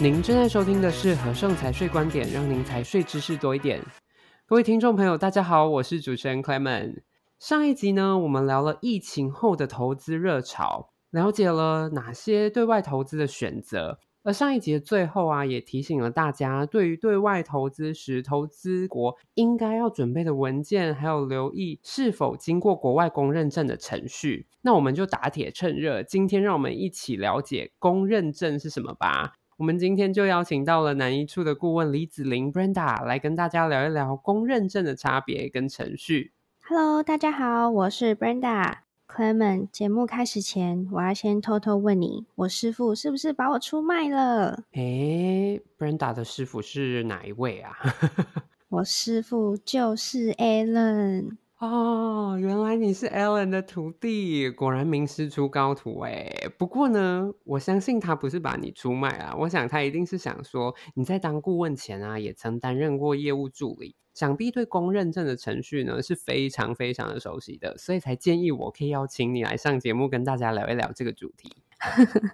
您正在收聽的是荷盛財稅觀點，讓您財稅知識多一點。各位聽眾朋友，大家好，我是主持人 Clement。上一集呢，我們聊了疫情後的投資熱潮，了解了哪些對外投資的選擇，而上一集的最後啊，也提醒了大家，對於對外投資時，投資國應該要準備的文件，還有留意是否經過國外公認證的程序。那我們就打鐵趁熱，今天讓我們一起了解公認證是什麼吧。我們今天就邀請到了南一處的顧問李子玲 （Brenda） 來跟大家聊一聊公認證的差別跟程序。Hello，大家好，我是 Brenda。Clement，節目開始前，我要先偷偷問你，我師傅是不是把我出賣了？哎，欸，Brenda 的師傅是哪一位啊？ 我師傅就是 Allen。哦，原來你是 Ellen 的徒弟，果然名師出高徒哎。不過呢，我相信他不是把你出賣啊，我想他一定是想說，你在當顧問前啊，也曾擔任過業務助理，想必對公認證的程序呢，是非常非常的熟悉的，所以才建議我可以邀請你來上節目跟大家聊一聊這個主題。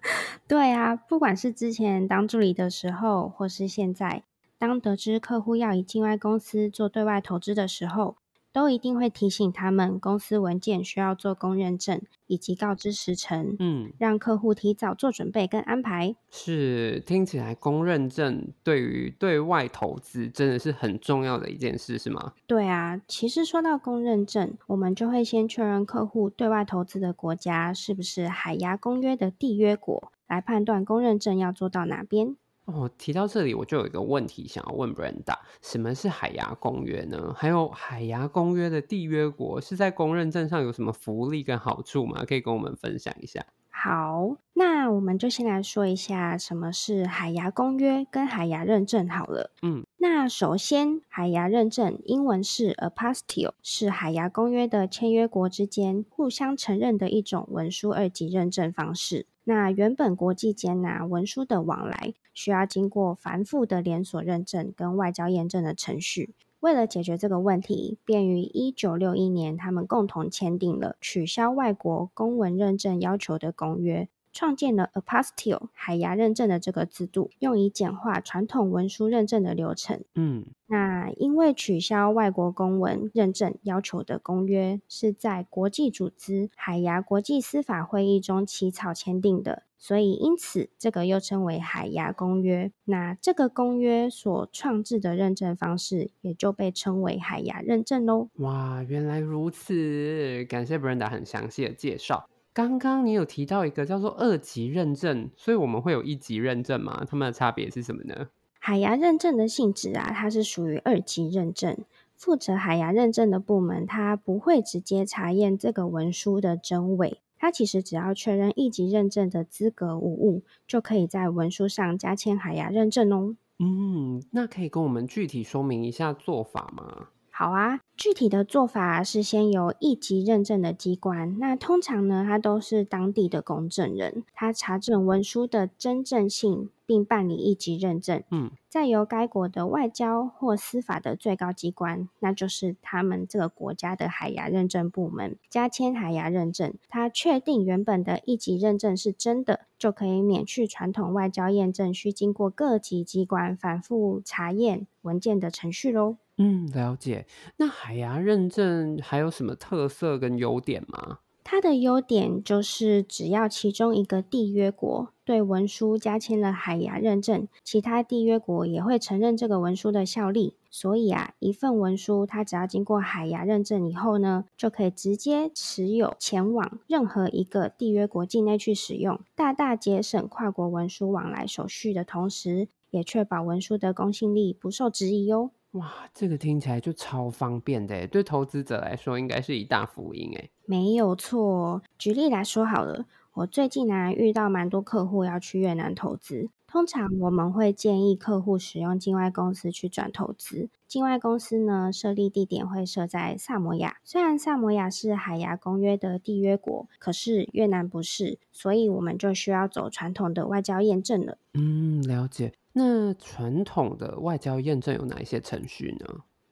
對啊，不管是之前當助理的時候，或是現在，當得知客戶要以境外公司做對外投資的時候，都一定會提醒他們，公司文件需要做公認證，以及告知時程，嗯，讓客戶提早做準備跟安排。是，聽起來公認證對於對外投資真的是很重要的一件事，是嗎？對啊，其實說到公認證，我們就會先確認客戶對外投資的國家是不是海牙公約的締約國，來判斷公認證要做到哪邊。我、哦、提到這裡，我就有一個問題想要問 Brenda：什麼是海牙公約呢？還有海牙公約的締約國是在公認證上有什麼福利跟好處嗎？可以跟我們分享一下。好，那我們就先來說一下什麼是海牙公約跟海牙認證好了。嗯，那首先，海牙認證英文是 Apostille，是海牙公約的簽約國之間互相承認的一種文書二級認證方式。那原本國際間呢，啊，文書的往來，需要經過繁複的連鎖認證跟外交驗證的程序。為了解決這個問題，便於一九六一年，他們共同簽訂了取消外國公文認證要求的公約。創建了 Apostille 海牙認證的這個制度，用以簡化傳統文書認證的流程。嗯，那因為取消外國公文認證要求的公約是在國際組織海牙國際司法會議中起草簽訂的，所以因此這個又稱為海牙公約。那這個公約所創制的認證方式也就被稱為海牙認證嘍。哇，原來如此，感謝 Brenda 很詳細的介紹。剛剛你有提到一個叫做二級認證，所以我們會有一級認證嗎？它們的差別是什麼呢？海牙認證的性質啊，它是屬於二級認證，負責海牙認證的部門，它不會直接查驗這個文書的真偽，它其實只要確認一級認證的資格無誤，就可以在文書上加簽海牙認證哦。嗯，那可以跟我們具體說明一下做法嗎？好啊，具體的做法是先由一級認證的機關，那通常呢，它都是當地的公證人，他查證文書的真正性，並辦理一級認證。嗯，再由該國的外交或司法的最高機關，那就是他們這個國家的海牙認證部門加簽海牙認證。他確定原本的一級認證是真的，就可以免去傳統外交驗證需經過各級機關反覆查驗文件的程序嘍。嗯，了解。那海牙認證還有什麼特色跟優點嗎？它的優點就是，只要其中一個締約國對文書加簽了海牙認證，其他締約國也會承認這個文書的效力。所以啊，一份文書它只要經過海牙認證以後呢，就可以直接持有前往任何一個締約國境內去使用，大大節省跨國文書往來手續的同時，也確保文書的公信力不受質疑喲。哇，這個聽起來就超方便的哎！對投資者來說應該是一大福音哎。沒有錯。舉例來說好了，我最近呢，啊，遇到蠻多客戶要去越南投資，通常我們會建議客戶使用境外公司去轉投資。境外公司呢，設立地點會設在薩摩亞，雖然薩摩亞是海牙公約的締約國，可是越南不是，所以我們就需要走傳統的外交驗證了。嗯，了解。那傳統的外交驗證有哪一些程序呢？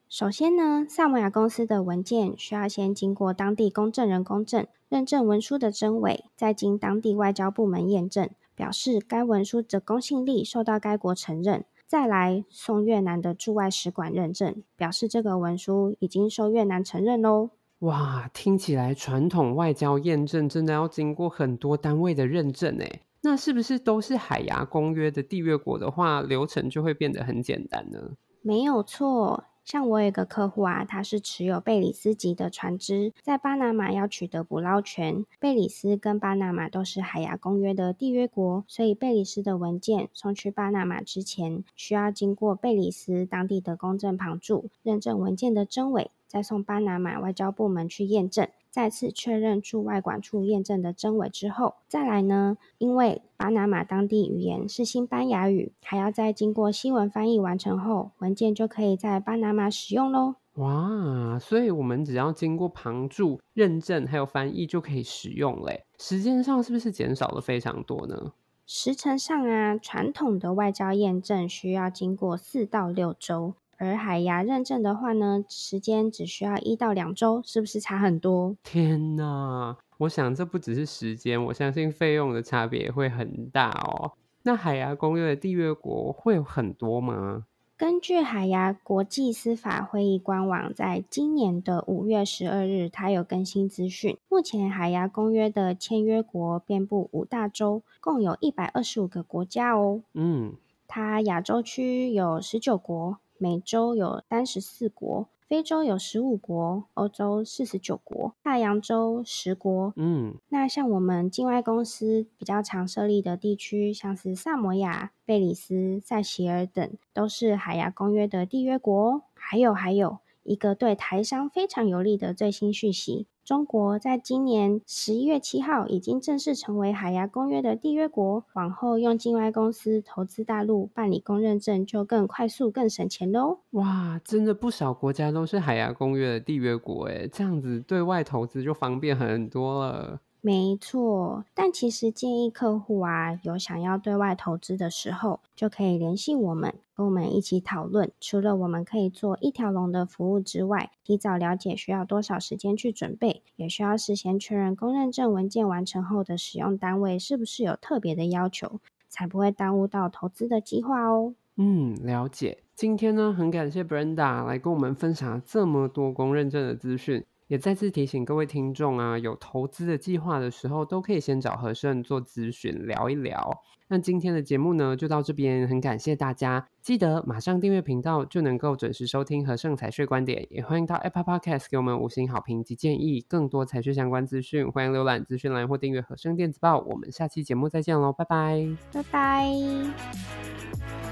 首先呢，薩摩亞公司的文件需要先經過當地公證人公證，認證文書的真偽，再經當地外交部門驗證，表示該文書的公信力受到該國承認，再來送越南的駐外使館認證，表示這個文書已經受越南承認嘍。哇，聽起來傳統外交驗證真的要經過很多單位的認證呢。那是不是都是海牙公約的締約國的話，流程就會變得很簡單呢？沒有錯，像我有一個客戶啊，他是持有貝里斯籍的船隻，在巴拿馬要取得捕撈權。貝里斯跟巴拿馬都是海牙公約的締約國，所以貝里斯的文件送去巴拿馬之前，需要經過貝里斯當地的公證旁註認證文件的真偽，再送巴拿馬外交部門去驗證。再次確認駐外館處驗證的真偽之後，再來呢？因為巴拿馬當地語言是西班牙語，還要再經過西文翻譯完成後，文件就可以在巴拿馬使用嘍。哇，所以我們只要經過旁注認證還有翻譯就可以使用嘞，時間上是不是減少了非常多呢？時程上啊，傳統的外交驗證需要經過四到六週。而海牙認證的話呢，時間只需要一到兩周，是不是差很多？天哪！我想這不只是時間，我相信費用的差別也會很大哦。那海牙公約的締約國會有很多嗎？根據海牙國際司法會議官網，在今年的五月十二日，它有更新資訊。目前海牙公約的簽約國遍布五大洲，共有一百二十五個國家哦。嗯，它亞洲區有十九國。美洲有三十四國，非洲有十五國，歐洲四十九國，大洋洲十國。嗯，那像我們境外公司比較常設立的地區，像是薩摩亞、貝里斯、塞席爾等，都是海牙公約的締約國。哦，還有還有一個對台商非常有利的最新訊息。中國在今年十一月七號已經正式成為海牙公約的締約國，往後用境外公司投資大陸辦理公認證就更快速、更省錢嘍！哇，真的不少國家都是海牙公約的締約國誒，這樣子對外投資就方便很多了。沒錯，但其實建議客戶啊，有想要對外投資的時候，就可以聯繫我們，跟我們一起討論。除了我們可以做一條龍的服務之外，提早了解需要多少時間去準備，也需要事先確認公認證文件完成後的使用單位是不是有特別的要求，才不會耽誤到投資的計劃哦。嗯，了解。今天呢，很感謝 Brenda 來跟我們分享這麼多公認證的資訊。也再次提醒各位聽眾啊，有投資的計劃的時候，都可以先找荷盛做諮詢聊一聊。那今天的節目呢，就到這邊，很感謝大家，記得馬上訂閱頻道就能夠準時收聽荷盛財稅觀點。也歡迎到 Apple Podcast 給我們五星好評及建議，更多財稅相關資訊，歡迎瀏覽資訊欄或訂閱荷盛電子報。我們下期節目再見嘍，拜拜，拜拜。